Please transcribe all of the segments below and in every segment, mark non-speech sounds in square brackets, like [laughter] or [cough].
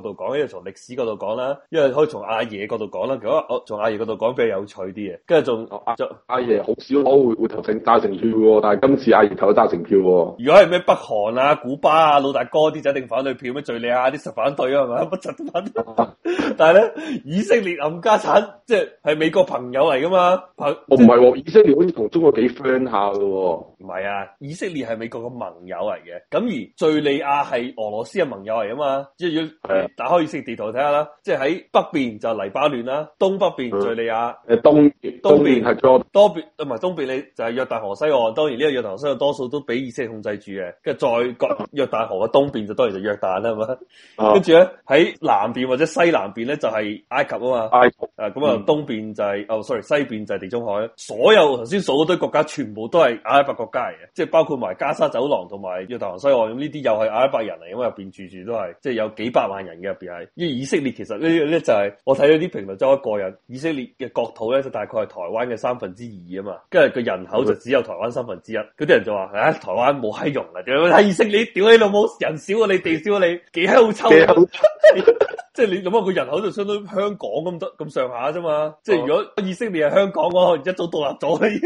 度講，因為從歷史角度講啦，因為可以從阿爺角度講啦，如果我從阿爺角度講比較有趣啲嘅，跟住仲阿阿爺好少，攞會會投成讚成票，但係今次阿、啊、爺投咗讚成票。如果係咩北韓啊、古巴啊、老大哥啲就一定反對票，咩敘利亞啲實反對啊，係咪？乜柒都反對。但係咧，以色列暗家產，即係係美國朋友嚟噶嘛？我唔係喎，以色列好似同中國幾 friend 下噶。唔係啊，以色列係美國嘅盟友嚟嘅，咁而敘利亞係俄羅斯嘅盟友嚟啊嘛，即係要。打開以色列地圖睇下啦，即係喺北邊就黎巴嫩啦，東北邊敍利亞，誒東東邊面係多多邊，唔係東邊你就係約旦河西岸。當然呢個約旦河西岸多數都俾以色列控制住嘅，跟住再講約旦河嘅東邊就當然就約旦啦，係嘛？啊，跟住咧喺南邊或者西南邊咧就係埃及啊嘛，埃及咁啊東邊就係，是嗯、哦，sorry 西邊就係地中海。所有頭先數好多國家全部都係阿拉伯國家嚟嘅，即係包括埋加沙走廊同埋約旦河西岸，咁呢啲又係阿拉伯人嚟，因為入邊住入面住都係即係有幾百萬人。入邊係，因為以色列其實呢呢就係、是、我睇到啲評論真係過人，以色列嘅國土咧就大概係台灣嘅三分之二啊嘛，跟住個人口就只有台灣三分之一。嗰啲人就話，唉、啊，台灣冇閪用啊，點睇以色列，屌你老母，人少啊，你地少啊，你幾閪好臭啊？ [laughs] 即係你諗下，佢人口就相當於香港咁多咁上下啫嘛。即係如果以色列係香港嘅話，可能一早獨立咗，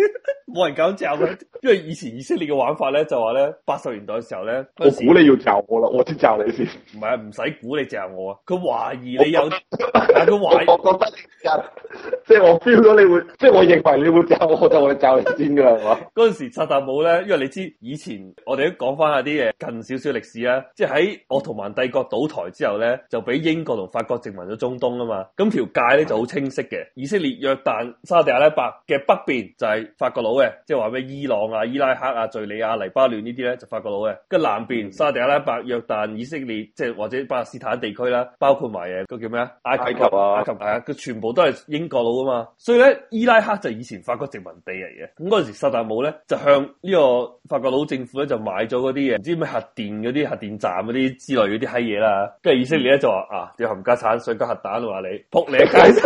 冇人敢嚼佢。因為以前以色列嘅玩法咧，就話咧八十年代嘅時候咧，我估你要嚼我啦，我先罩你先。唔係唔使估，你嚼我啊？佢懷疑你有，我我覺得你 [laughs] 即係我標咗你會，即係我認為你會走，我覺得我會走先噶啦，係嘛？嗰陣時薩達姆咧，因為你知以前我哋都講翻下啲嘢，近少少歷史啊。即係喺鄂圖曼帝國倒台之後咧，就俾英國同法國殖民咗中東啊嘛。咁條界咧就好清晰嘅，以色列、約旦、沙特阿拉伯嘅北邊就係法國佬嘅，即係話咩伊朗啊、伊拉克啊、敘利亞、黎巴嫩呢啲咧就法國佬嘅。跟南邊沙特阿拉伯、約旦、以色列，即係或者巴勒斯坦地區啦，包括埋嘅個叫咩啊？埃及啊，埃及啊，佢全部都係英。國佬啊嘛，所以咧伊拉克就以前法國殖民地嚟嘅，咁嗰陣時薩達姆咧就向呢個法國佬政府咧就買咗嗰啲嘢，唔知咩核電嗰啲核電站嗰啲之類嗰啲嗨嘢啦，跟住、啊、以色列就話啊冚家鏟，想搞核彈咯話你，扑你一街，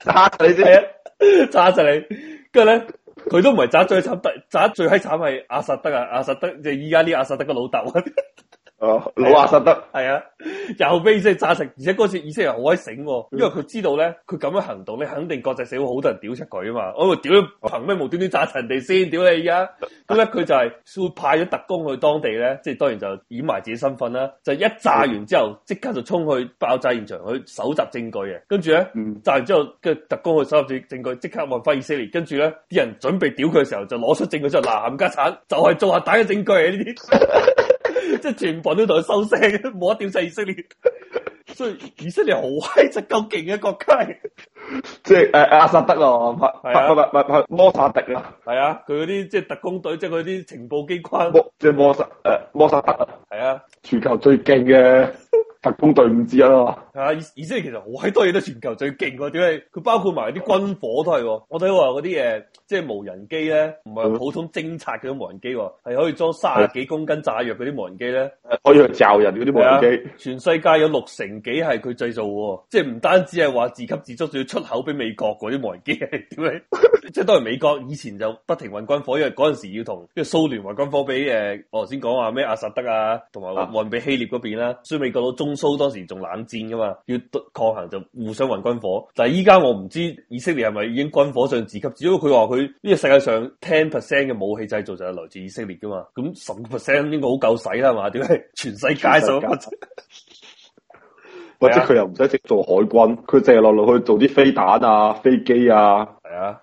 炸 [laughs] [laughs] 你先了，炸晒 [laughs] 你了，跟住咧佢都唔係炸最慘，炸最閪慘係阿薩德啊，阿薩德即係依家呢阿薩德個、就是、老豆 [laughs] 哦，老阿薩德係啊，啊，又俾即炸成，而且嗰次以色列好鬼醒，因為佢知道咧，佢咁樣行動咧，肯定國際社會好多人屌柒佢啊嘛，我屌你憑咩無端端炸成人哋先？屌你而家，咁咧佢就係會派咗特工去當地咧，即係當然就掩埋自己身份啦，就一炸完之後，即刻就衝去爆炸現場去搜集證據嘅，跟住咧炸完之後，跟住特工去搜集證據，即刻運翻以色列，跟住咧啲人準備屌佢嘅時候，就攞出證據出，嗱冚家鏟，就係、是、做核彈嘅證據呢啲。 [laughs] 即係全部都同佢收聲，冇一啲以色列，所以以色列好威，就夠勁嘅國家。即係誒阿薩德咯，唔係係係係摩薩迪啦，係啊，佢嗰啲即係特工隊，即係嗰啲情報機關。即係摩薩誒、呃、摩薩德啊，係啊，全球最勁嘅。特工隊伍之啊，咯，係啊！而以色列其實好閪多嘢都全球最勁㗎，點解？佢包括埋啲軍火都係，我睇話嗰啲嘢，即係無人機咧，唔係普通偵察嗰啲無人機，係可以裝卅幾公斤炸藥嗰啲無人機咧，嗯、可以去炸人嗰啲無人機、啊。全世界有六成幾係佢製造，即係唔單止係話自給自足，仲要出口俾美國嗰啲無人機係點解？ [laughs] 即係都係美國以前就不停運軍火，因為嗰陣時要同即係蘇聯運軍火俾誒、呃，我頭先講話咩阿薩德啊，同埋運俾希臘嗰邊啦，啊、所以美國到中。蘇當時仲冷戰噶嘛，要抗衡就互相運軍火。但係依家我唔知以色列係咪已經軍火上自給，只要佢話佢呢個世界上 ten percent 嘅武器製造就係來自以色列噶嘛。咁十 percent 應該好夠使啦嘛？點解全世界都？或者佢又唔使整做海軍，佢淨係落落去做啲飛彈啊、飛機啊。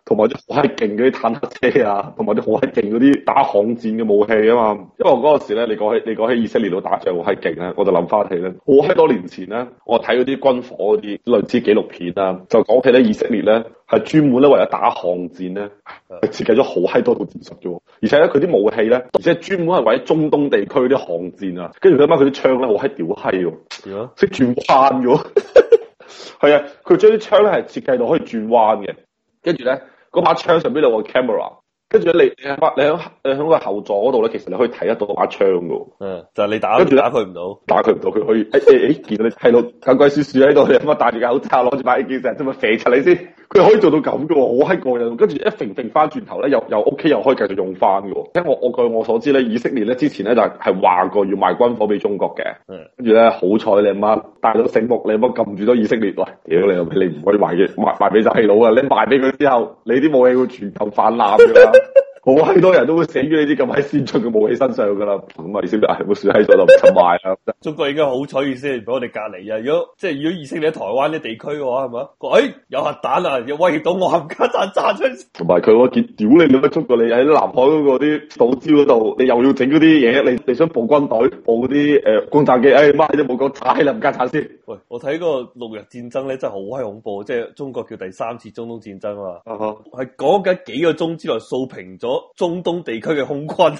同埋啲好閪勁嗰啲坦克車啊，同埋啲好閪勁嗰啲打巷戰嘅武器啊嘛。因為嗰陣時咧，你講起你講起以色列度打仗好閪勁啊。我就諗翻起咧，好閪多年前咧，我睇嗰啲軍火嗰啲類似紀錄片啊，就講起咧以色列咧係專門咧為咗打巷戰咧，係設計咗好閪多套戰術嘅。而且咧佢啲武器咧，而且專門係為咗中東地區啲巷戰啊。跟住睇返佢啲槍咧好閪屌閪，識轉彎㗎？係 [laughs] 啊，佢將啲槍咧係設計到可以轉彎嘅。跟住咧，嗰把槍上邊有個 camera，跟住你你喺把你喺你喺個後座嗰度咧，其實你可以睇得到把槍噶。嗯，就係、是、你打，跟住打佢唔到，打佢唔到，佢可以誒誒誒，見到你喺度鬼鬼祟祟喺度，哎、你咁啊戴住口罩，攞住把劍，就咁啊射出嚟先。佢可以做到咁嘅喎，好閪過嘅，跟住一揈揈翻轉頭咧，又又 OK，又可以繼續用翻嘅喎。因為我據我所知咧，以色列咧之前咧就係話過要賣軍火俾中國嘅，跟住咧好彩你阿媽帶咗醒目，你阿媽撳住咗以色列喂，屌、哎、你又俾你唔可以賣嘅賣賣俾細佬啊！你賣俾佢之後，你啲武器會全球泛濫嘅啦。 [laughs] 好閪多人都會死於呢啲咁喺先進嘅武器身上噶啦，咁啊你知唔知啊？冇樹喺度就唔出賣啦。 [laughs] 中國而家好彩意思喺我哋隔籬啊！如果即係如果以色列喺台灣啲地區嘅話，係咪啊？哎，有核彈啊！又威脅到我冚家鏟炸出嚟。同埋佢話見屌你都乜？中國你喺南海嗰個啲島礁嗰度，你又要整嗰啲嘢嚟？你想補軍隊，補嗰啲誒轟炸機？哎媽，都冇講踩冚家鏟先。喂，我睇個六日戰爭咧，真係好閪恐怖。即係中國叫第三次中東戰爭嘛。啊哈。係講緊幾個鐘之內掃平咗。中東地區嘅空軍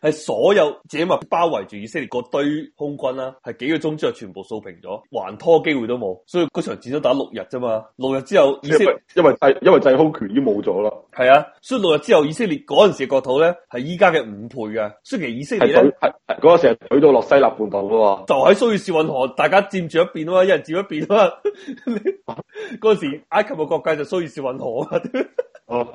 係 [laughs] 所有這物包圍住以色列嗰堆空軍啦，係幾個鐘之後全部掃平咗，還拖機會都冇，所以嗰場戰都打六日啫嘛。六日之後，以色列因為制因為制空權已經冇咗啦。係啊，所以六日之後以色列嗰陣、啊、時嘅國土咧係依家嘅五倍嘅。雖然以色列咧，嗰個時候去到落西奈半島噶嘛，就喺蘇伊士運河，大家佔住一邊啊嘛，一人佔一邊啊嘛。嗰 [laughs] 陣時埃及嘅國界就蘇伊士運河 [laughs] 啊。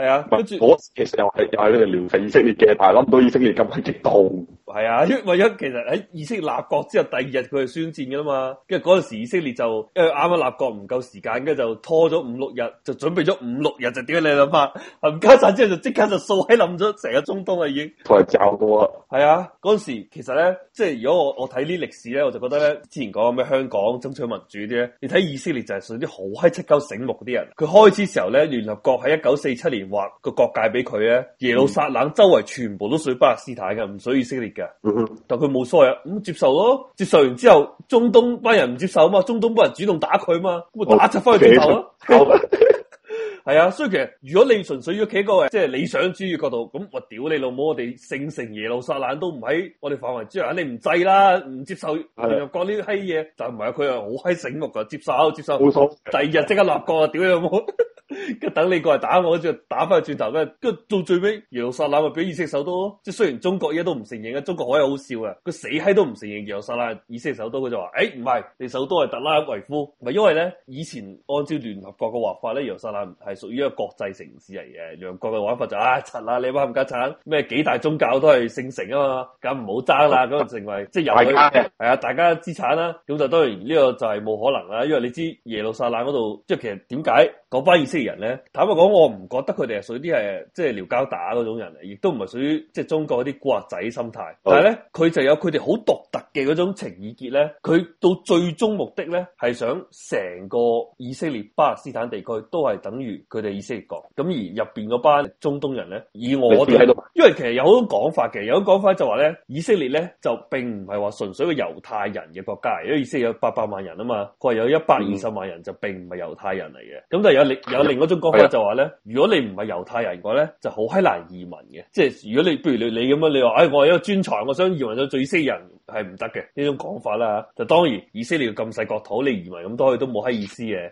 係啊，跟住嗰時其實又係又係呢個聊以色列嘅，但係諗唔到以色列咁激動。係啊，因為為咗其實喺以色列立國之後第二日佢係宣戰噶啦嘛，跟住嗰陣時以色列就因為啱啱立國唔夠時間，跟住就拖咗五六日，就準備咗五六日就點你諗啊？冚家鏟之後就即刻就掃喺冧咗成個中東啊已經，同人罩噶喎。係啊，嗰陣時其實咧，即係如果我我睇啲歷史咧，我就覺得咧，之前講咩香港爭取民主啲咧，你睇以色列就係屬啲好閪七鳩醒目啲人。佢開始時候咧，聯合國喺一九四七年劃個國界俾佢咧，耶路撒冷周圍全部都屬巴勒斯坦嘅，唔屬以色列嗯、但佢冇所謂啊，咁、嗯、接受咯，接受完之後中東班人唔接受啊嘛，中東班人主動打佢啊嘛，咁、嗯、哼啊打就翻去地球咯。 [laughs] [laughs] 係啊，所以其實如果你純粹要企個即係、就是、理想主義角度，咁我屌你老母，我哋聖城耶路撒冷都唔喺我哋範圍之下、啊，你唔制啦，唔接受，又講呢啲閪嘢，就唔係，佢係好閪醒目噶，接受接受，冇想第二日即刻立國啊，屌你老母， [laughs] 等你過嚟打我，即係打翻轉頭，跟住到最尾耶路撒冷啊，畀以色列首都。即係雖然中國而家都唔承認，中國可以好笑啊，佢死閪都唔承認耶路撒冷，以色列首都，佢就話誒唔係，你首都係特拉維夫，係因為咧以前按照聯合國嘅話法咧，耶路撒冷唔係。係屬於一個國際城市嚟嘅，兩國嘅玩法就是、啊，柒啦！你乜唔加賊？咩幾大宗教都係聖城啊嘛，咁唔好爭啦，咁、嗯、就成為即係有係啊，大家資產啦。咁就當然呢個就係冇可能啦，因為你知耶路撒冷嗰度，即係其實點解嗰班以色列人咧？坦白講，我唔覺得佢哋係屬於啲係即係撩交打嗰種人嚟，亦都唔係屬於即係、就是、中國嗰啲古惑仔心態。但係咧，佢就有佢哋好獨特嘅嗰種情意結咧。佢到最終目的咧，係想成個以色列巴勒斯坦地區都係等於。佢哋以色列國，咁而入邊嗰班中東人咧，以我哋因為其實有好多講法嘅，有講法就話咧，以色列咧就並唔係話純粹個猶太人嘅國家，因為以色列有八百萬人啊嘛，佢話有一百二十萬人就並唔係猶太人嚟嘅，咁、嗯、但係有，有另有另一種講法就話咧，如果你唔係猶太人嘅咧，就好閪難移民嘅，即係如果你，譬如你你咁樣，你話，唉、哎，我係一個專才，我想移民到做以色列人係唔得嘅，呢種講法啦。就當然以色列咁細國土，你移民咁多去都冇閪意思嘅。